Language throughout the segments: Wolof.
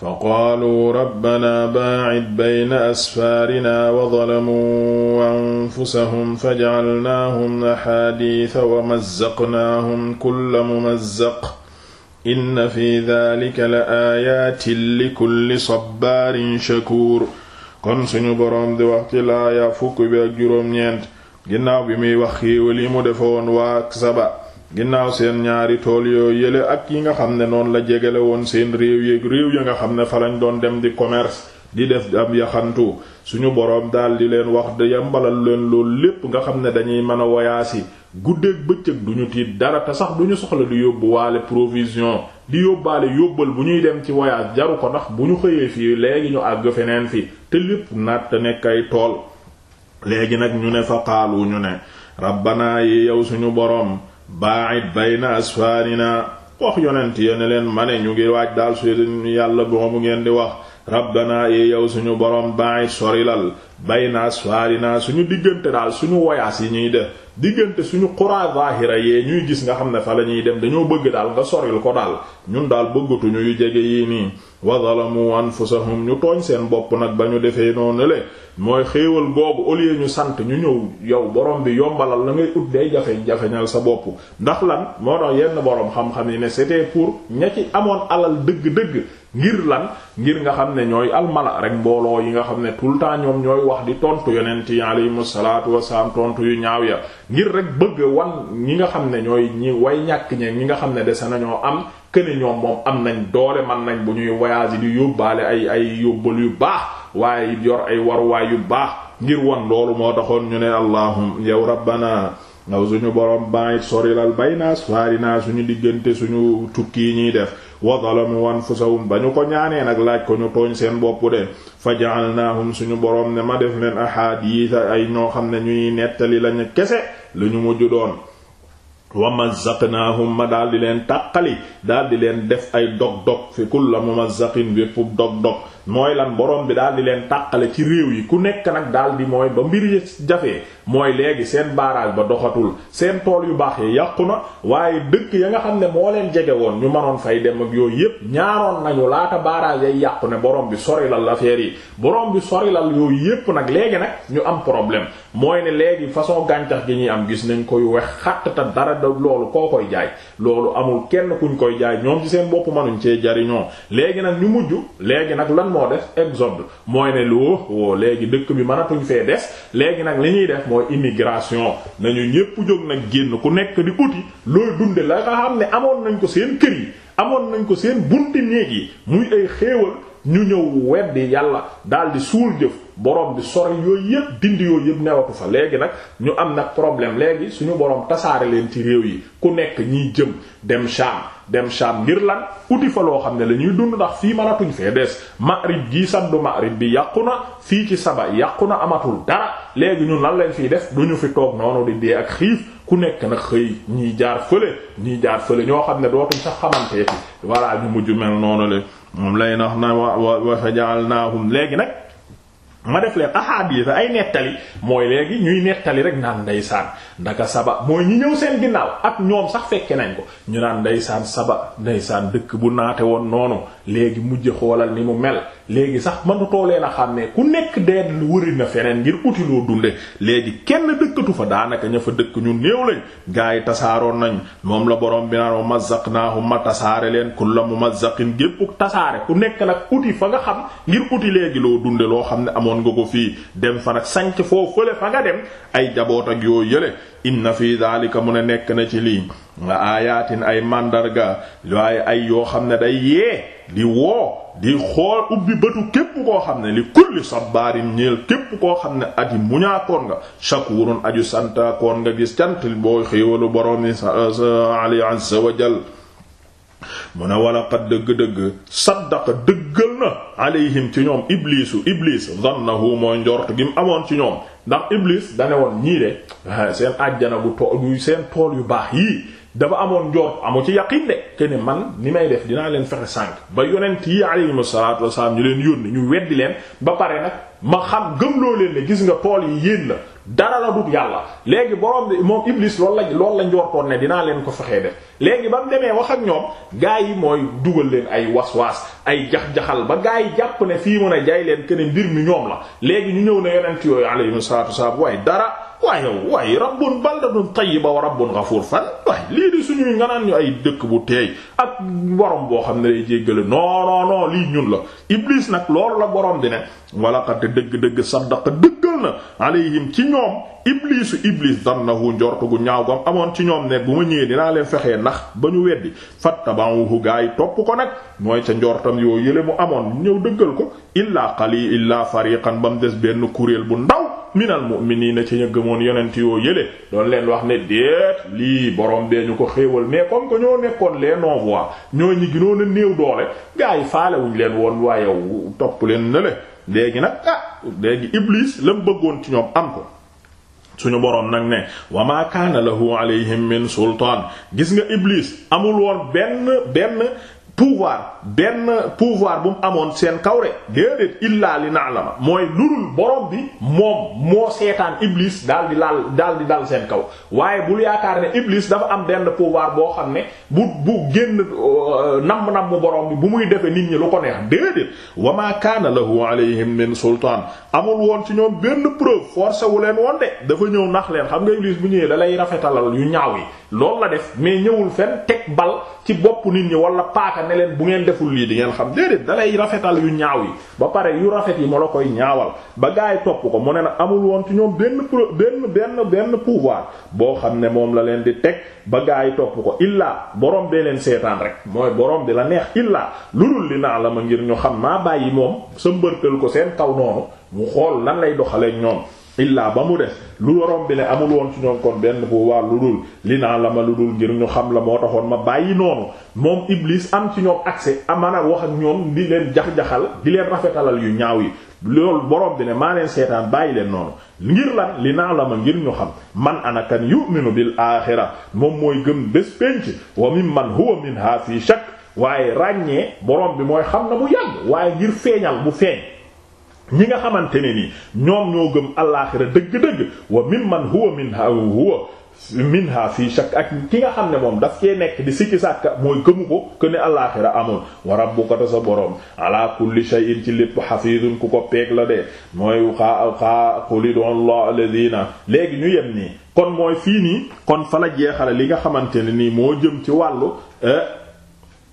fa qaaluu rabbana baacid bayna asfaarina wa dalamuu anfusahum fajacalnaahum axaadiisa wa mazzaqnaahum kulla mumazzaq inna fi daalika la aayaatin likulli sabbaarin shakuur kon suñu boroom di wax ci laaya fukk bi ak juróom-ñeent ginnaaw bi muy wax xiiwal yi mu defoon waa saba ginnaaw seen ñaari tool yoo yële ak yi nga xam ne noonu la jegale woon seen réew yéeg réew yi nga xam ne falañ doon dem di commerce di def ab yaxantu suñu boroom daal di leen wax de yambalal leen loolu lépp nga xam ne dañuy mën a woyaasi guddeeg bëccëg duñu tiit dara te sax duñu soxla di yóbbuwaale provision di yóbbaale yóbbal bu ñuy dem ci voyage jaru ko ndax bu ñu xëyee fii léegi ñu àgg feneen fi te lépp naat te nekk ay tool léegi nag ñu ne fa xaalu ñu ne rabbanaa yi yow suñu boroom baa'id bayna asfaarina wax yonent ya ne leen ma ne ñu ngi waaj daal su yàlla boobu ngeen di wax rabbanaa yi yow suñu borom baay sorilal bayna naa suñu diggante daal suñu wayaas yi ñuy def diggante suñu xuraa zaahira yee ñuy gis nga xam ne fa la ñuy dem dañoo bëgg daal nga soril ko daal ñun daal bëggatuñu yu jege yii nii wa zalamu anfusahum ñu tooñ seen bopp nag ba ñu defee noonu le mooy xéewal boobu au lieu ñu sant ñu ñëw yow borom bi yombalal la ngay ut day jafe-jafeñal sa bopp ndax lan moo tax yenn borom xam-xam yi ne c'était pour ña ci amoon alal dëgg ngir lan ngir nga xam ne ñooy almala rek mbooloo yi nga xam ne tout le temps ñoom ñooy wax di tontu yonent yi alayhimu salaatu wasalaam tontu yu ñaaw ya ngir rek bëgg wan ñi nga xam ne ñooy ñi way ñàkk ñi nga xam ne dese nañoo am këne ñoom moom am nañ doole man nañ bu ñuy voyage di yóbbaale ay ay yóbbal yu baax waaye yor ay waruwaay yu baax ngir wan loolu moo taxoon ñu ne allahum yow rabbana ngaw suñu borom bàyyit sorilal bay naas faari naa suñu diggante suñu tukki yi ñuy def wa zalamu anfusahum ba ñu ko ñaanee nag laaj ko ñu tooñ seen bopp de fa ja'alnaahum suñu boroom ne ma def leen ahaadiisa ay ñoo xam ne ñuy nettali lañu kese lu ñu mujj doon wa mazzaqnaahum ma daal di leen tàqali daal di leen def ay dog dog fi kulla mumazzaqin bépp dog dog mooy lan borom bi daal di leen tàqale ci réew yi ku nekk nag daal di mooy ba mbir yi jafee mooy léegi seen barrage ba doxatul seen tool yu baax yi yàqu na waaye dëkk ya nga xam ne moo leen jege woon ñu mënoon fay dem ak yooyu yépp ñaaroon nañu laata barrage yay yàqu ne borom bi sori lal affaire yi borom bi sori lal yooyu yépp nag léegi nag ñu am problème mooy ne léegi façon gàncax gi ñuy am gis nañ koy wex xatt te dara da loolu koo koy jaay loolu amul kenn kuñ koy jaay ñoom ci seen mënuñ cee jariñoo moo def exode mooy ne loo woo léegi dëkk bi mënatuñ fee des léegi nag li ñuy def mooy immigration nañu ñépp jóg nag génn ku nekk di uti looy dunde la nga xam ne amoon nañ ko seen kër yi amoon nañ ko seen bunti néeg yi muy ay xéewal ñu ñëw weddi yàlla daldi suul jëf borom bi sori yooyu yëpp dindi yooyu yëpp newatu fa léegi nag ñu am nag problème léegi suñu borom tasaare leen ci réew yi ku nekk ñiy jëm dem Sham dem Sham ngir lan uti fa loo xam ne la dund ndax fii mënatuñ fee des Maghrib gii saddu Maghrib bi yàqu na fii ci Saba yàqu na amatul dara léegi ñun lan leen fiy def du ñu fi toog noonu di dee ak xiif ku nekk nag xëy ñii jaar fële ñii jaar fële ñoo xam ne dootuñ sax xamantee fi voilà ñu mujj mel noonu le moom lay nax na wa wa fa léegi nag ma def leen ahadis ay nettali mooy léegi ñuy nettali rek naan ndeysaan ndaka saba mooy ñu ñëw seen ginnaaw ak ñoom sax fekke nañ ko ñu naan ndeysaan saba ndeysaan dëkk bu naate woon noonu léegi mujj xoolal ni mu mel léegi sax mënutoo leen a xam ne ku nekk dee wëri na feneen ngir uti loo dunde léegi kenn dëkkatu fa daanaka ña fa dëkk ñu néew lañ gaa yi tasaaroon nañ moom la borom bi naan mazzaqnaahu ma tasaare leen kulla mumazzaqin gépp tasaare ku nekk nag uti fa nga xam ngir uti léegi loo dunde loo xam ne amoon nga ko fii dem fa nag sanc foo fële fa nga dem ay jaboot ak yoo yële inna fi daalika mu ne nekk na ci lii nga aayaatin ay màndarga waaye ay yoo xam ne day yee di woo di xool ubbi bëtu képp koo xam ne li kulli sabbaarin ñeel képp koo xam ne ati muñaakoon nga shakuurun aju santaakoon nga gis cant boo xéewalu borom sa ali azza wa mu ne wala qad dëgg-dëgg saddaqa dëggal na alayhim ci ñoom ibliisu iblis zannahu mooy njort gi mu amoon ci ñoom ndax iblis dane woon ñii de ah, seen àjjana bu tool seen tool yu baax yii dafa amoon njort amul ci yaqin de ke man ni may def dinaa leen fexe sànq ba yonent yi alayhimu salaatu wasalaam ñu leen yónni ñu weddi leen ba pare nag ma xam gëmloo leen ne gis nga tool yi yéen la dara la dut yàlla léegi borom bi moom Iblis loolu la loolu la njortoon ne dinaa leen ko fexee def léegi ba mu demee wax ak ñoom gaa yi mooy dugal leen ay waswaas ay jax-jaxal ba gaa yi jàpp ne fii mën a jaay leen ke mbir mi ñoom la léegi ñu ñëw ne yonent yooyu alayhimu salaatu wasalaam waaye dara waaye yow waaye rabbun baldatun tayyiba wa rabbun ghafur fan waaye lii di suñuy nga naan ñu ay dëkk bu teey ak borom boo xam ne day jéggale non non non lii ñun la iblis nag loolu la borom di ne wala xatte dëgg-dëgg saddaqa dëggal na alayhim ci ñoom iblisu iblis dannahu njortu gu ñaaw gam amoon ci ñoom ne bu ma ñëwee dinaa leen fexee ndax ba ñu weddi fattabahu gaa yi topp ko nag mooy sa njortam yoo yële mu amoon ñëw dëggal ko illaa xali illaa fariqan benn kuréel bu ndaw minal mu'miniina ci ñu gëmoon yonent yoo yële doon leen wax ne déet lii borom bee ñu ko xéewal mais comme que ñoo nekkoon les non-voix ñoo ñi ginoon a néew doole gaa yi faale leen woon waaye topp leen ne léegi nag ah léegi Iblis la bëggoon ci ñoom am ko. suñu boroom nag ne wa maa kaana lahu alayhim min sultaan gis nga Iblis amul woon benn benn pouvoir benn pouvoir bu mu amoon seen kaw rek déedéet illaa li na'lama mooy lurul boroom bi moom moo seetaan iblis daal di laal daal di dal seen kaw waaye bul yaakaar ne iblis dafa am benn pouvoir boo xam ne bu bu génn euh, namm namm borom bi bu muy defee nit ñi lu ko neex déedéet wa ma kaana lahu alayhim min sultaan amul woon ci ñoom benn preuve forcé wu leen woon de dafa ñëw nax leen xam nga iblis bu ñëwee da lay rafetalal yu ñaaw yi loolu la def mais ñëwul ne bu ngeen deful lii di ngeen xam déedéet dalay rafetal yu ñaaw yi ba pare yu rafet yi ma la koy ñaawal ba gaa yi topp ko mu ne na amul woon ci ñoom benn pro benn benn benn pouvoir boo xam ne moom la leen di teg ba gaa yi topp ko illaa borom bee leen seetaan rek mooy borom bi la neex illaa lu dul li naa la ma ngir ñu xam maa bàyyi moom sa mbërtal ko seen kaw noonu mu xool lan lay doxalee ñoom. illaa ba mu des lu waroon bi ne amul woon ci ñoom kon benn pouvoir lu dul li naa la ma lu dul ngir ñu xam la moo taxoon ma bàyyi noonu moom Iblis am ci ñoom accès aman wax ak ñoom di leen jax-jaxal di leen rafetalal yu ñaaw yi loolu borom bi ne maa leen seetaan bàyyi leen noonu ngir lan li naa la ma ngir ñu xam man anakan yu'minu bil axira moom mooy gëm bés pénc wa mim man huwa minha fi shakk waaye ràññee borom bi mooy xam na bu yàgg waaye ngir bu feeñ ñi nga xamante ne ni ñoom ñoo gëm alaaxira dëgg-dëgg wa mimman huwa minha huwa minha fii shakk ak ki nga xam ne moom daf cee nekk di sikki sàkka mooy gëmu ko que ne alaaxira amoon wa rabbuka ta sa boroom ala kulli shay'in ci lépp xafiidun ku ko peeg la de mooy xaa xaa quli du léegi ñu yem nii kon mooy fii nii kon fa la jeexale li nga xamante ne nii moo jëm ci wàllu eh,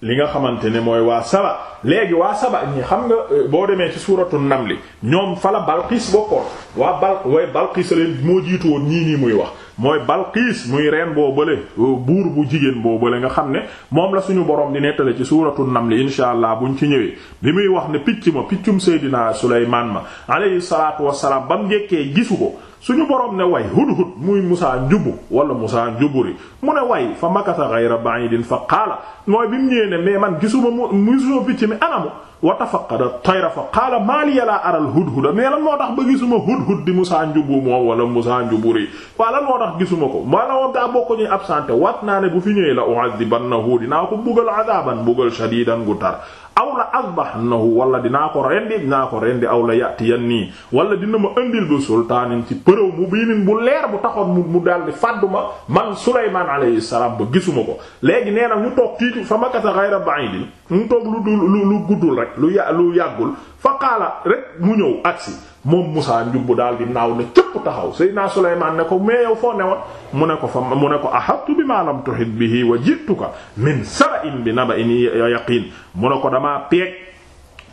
li nga xamante ne mooy waa saba léegi waa saba ñi xam nga euh, boo demee ci suuratu nam li ñoom fala Balqis bokkoon waa bal way Balqis leen moo jiitu woon ñii nii muy wax mooy Balqiis muy reen boo bële euh, buur bu jigéen boo bële nga xam ne moom la suñu borom di nettale ci suuratu Naml insha allah buñ ci ñëwee bi muy wax ne picc ma piccum Seydina Suleymaan ma alayhi salaatu wassalaam ba mu jekkee gisu ko suñu borom ne way hudhud muy Musaa njubu wala Musaa njuburi mu ne way fa makatha ghayra ba'idin fa qaala mooy bi mu ñëwee ne mais man gisuma mu gisuma picc mi anamu wa tafaqqada tayra fa qaala maa liya laa aral hudhuda mais lan moo tax ba gisuma hudhud di Musaa Njubu moom wala Musaa Njuburi waaw lan moo tax gisuma ko maa la moom daa bokk ñuy absenté waat naa ne bu fi ñëwee la u'adhibannahu dinaa ko bugal adaban bugal shadidan gu tar aw la asbaxnahu wala dinaa ko rendi dinaa ko rendi aw la yatiyan nii wala dina ma andil ba sultaanin ci përëw mu biinin bu leer bu taxoon mu daldi fàdduma man Sulaymaan alayhi salaam ba gisuma ko léegi nee na ñu toog tiitu fa makata ghayra ba'idin ñu toog lu dul lu guddul rek lu ya lu yàggul fa qaala rek mu ñëw agsi moom Musaa njubbu daal di naaw ne cëpp taxaw Seydina Sulaymaan ne ko mais yow foo ne mu ne ko fa mu ne ko bi bimaa lam tuhit bihi wa ji'tuka min saba'in bi naba'in yaqin mu ne ko damaa peeg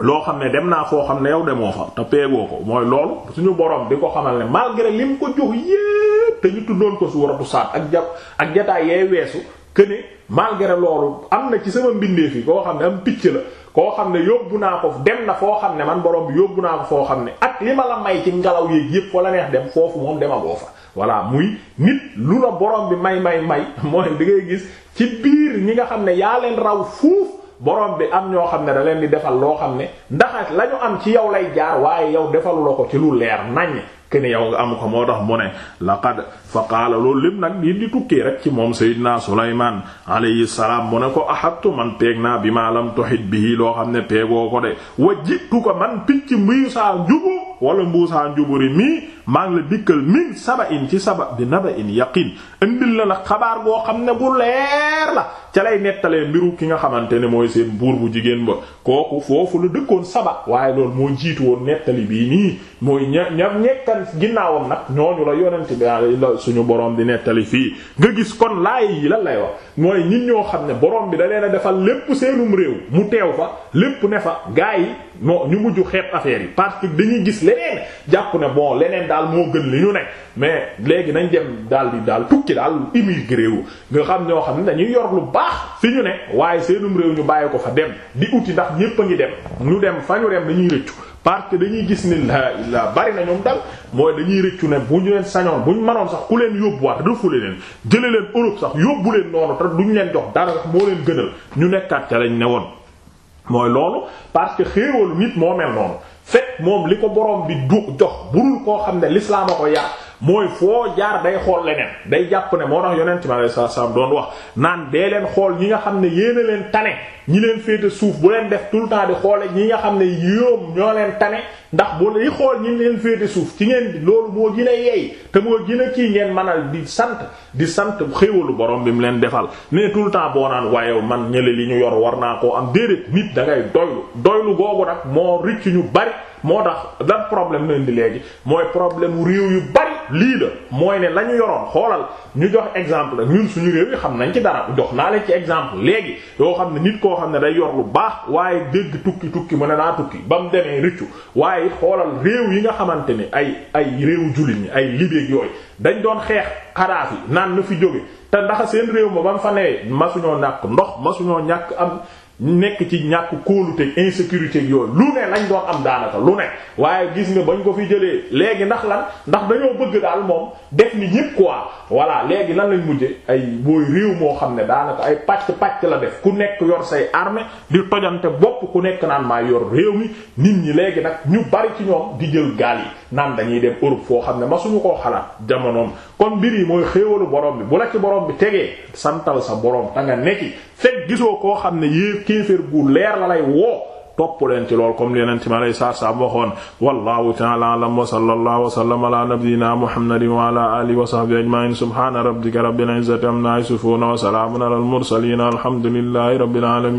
loo xam ne dem naa foo xam ne yow demoo fa te peegoo ko mooy loolu suñu boroom di ko xamal ne malgré lim ko jox yépp te ñu tuddoon ko suuratu Saad ak jàpp ak jotaay yee weesu que ne malgré loolu am na ci sama mbindeef yi koo xam ne am picc la koo xam ne yóbbu naa ko dem na foo xam ne man borom bi yóbbu naa ko foo xam ne ak li ma la may ci ngelaw yeeg yëpp fa la neex dem foofu moom dema boo fa voilà muy nit lu la borom bi may may may mooy da ngay gis ci biir ñi nga xam ne yaa leen raw fuuf borom bi am ñoo xam ne da leen di defal loo xam ne ndax la ñu am ci yow lay jaar waaye yow defalu la ko ci lu leer nañ kene yow nga am ko moo tax mu ne laqad fa qaala loolu lépp nag di di tukkee rek ci moom Seydina Sulaymaan alayhi salaam mu ne ko ahattu man peeg bi maa lam tuhit bi loo xam ne peegoo ko de wa jitu ko man picc mbii saa njubu wala mbuusaa njuburi mii maa ngi la dikkal min saba in ci saba bi naba in yaqin indil la xabaar boo xam ne bu leer la ca lay nettalee mbiru ki nga xamante ne mooy seen buur bu jigéen ba kooku foofu la dëkkoon saba waaye loolu moo jiitu woon nettali bii nii mooy ña ña ñekkan ginnaawam nag ñooñu la yonent bi ah, suñu borom di nettali fii nga gis kon laay yi lan lay wax mooy ñin ñoo xam ne borom bi da leen a defal lépp seenum réew mu teew fa lépp ne fa gaa yi moo ñu mujj xeet affaire yi parce que dañuy gis leneen jàpp ne bon leneen daal moo gën li ñu nekk mais léegi nañ dem daal di daal tukki daal immigré wu nga xam ñoo xam ne dañuy yor lu baax fi ñu ne waaye seenum réew ñu bàyyi ko fa dem di uti ndax ñépp a ngi dem ñu dem fa ñu dem dañuy rëccu parce que dañuy gis ni la bari na ñoom dal mooy dañuy rëccu ne bu ñu leen sañoon bu ñu manoon sax ku leen du refule leen jële leen Europe sax yóbbu leen noonu te duñu leen jox dara sax moo leen gënal ñu nekkaat ca lañ ne woon mooy loolu parce que xéewalu moo mel noonu fekk moom li ko borom bi du jox burul koo xam ne l'islam a ko yàq mooy foo jaar day xool leneen day jàpp ne moo tax yonent bi alayhi sa doon wax naan dee leen xool ñi nga xam ne yéen leen tane ñi leen féete suuf bu leen def tout di xoole ñi nga xam ne yóom ñoo leen tane ndax boo li xool ñi leen féete suuf ci ngeen loolu moo gën a yeey te moo gën a kii ngeen manal di sant di sant xéewalu borom bi mu leen defal mais tout le temps boo naan waaye man ñële li ñu yor war naa koo am déedéet nit da ngay doylu doylu googu nag moo ricc ñu bari moo tax lan problème leen di léegi mooy problème réew yu bari lii la mooy ne la ñu yoroon xoolal ñu jox exemple ñun suñu réew yi xam nañ ci dara jox naa leen ci exemple léegi yoo xam ne nit koo xam ne day yor lu baax waaye dégg tukki tukki mu ne naa tukki ba mu demee rëccu waaye xoolal réew yi nga xamante ni ay ay réew jullit ñi ay libéeg yooyu dañ doon xeex xadaaf yi naan na fi jóge te ndax seen réew ma ba mu fa newee masuñoo ñàkk ndox masuñoo ñàkk am nekk ci ñàkk kóolute insécurité yooyu lu ne lañ doon am daanaka lu ne waaye gis nga bañ ko fi jëlee léegi ndax la ndax dañoo bëgg daal moom def ni ñépp quoi voilà léegi lan lañ mujje ay booy réew moo xam ne daanaka ay pàcc pàcc la def ku nekk yor say armée di tojante bopp ku nekk naan maa yor réew mi nit ñi léegi nag ñu bari ci ñoom di jël gaal yi naan dañuy dem Europe foo xam ne masuñu koo xalaat jamonoom kon mbir yi mooy xéewalu borom bi bu la borom bi tegee santal sa borom ta nga nekki fekk gisoo koo xam ne yéef kéeféer gu leer la lay woo topp leen ci lool comme li yeneen ci ma lay saa saa waxoon wallahu ta'ala a'lam wa sallallahu wa sallama ala nabiyyina muhammadin wa ala alihi wa sahbihi ajma'in subhana rabbika rabbil izzati amma yasifun wa salamun ala al mursalin alhamdulillahi rabbil alamin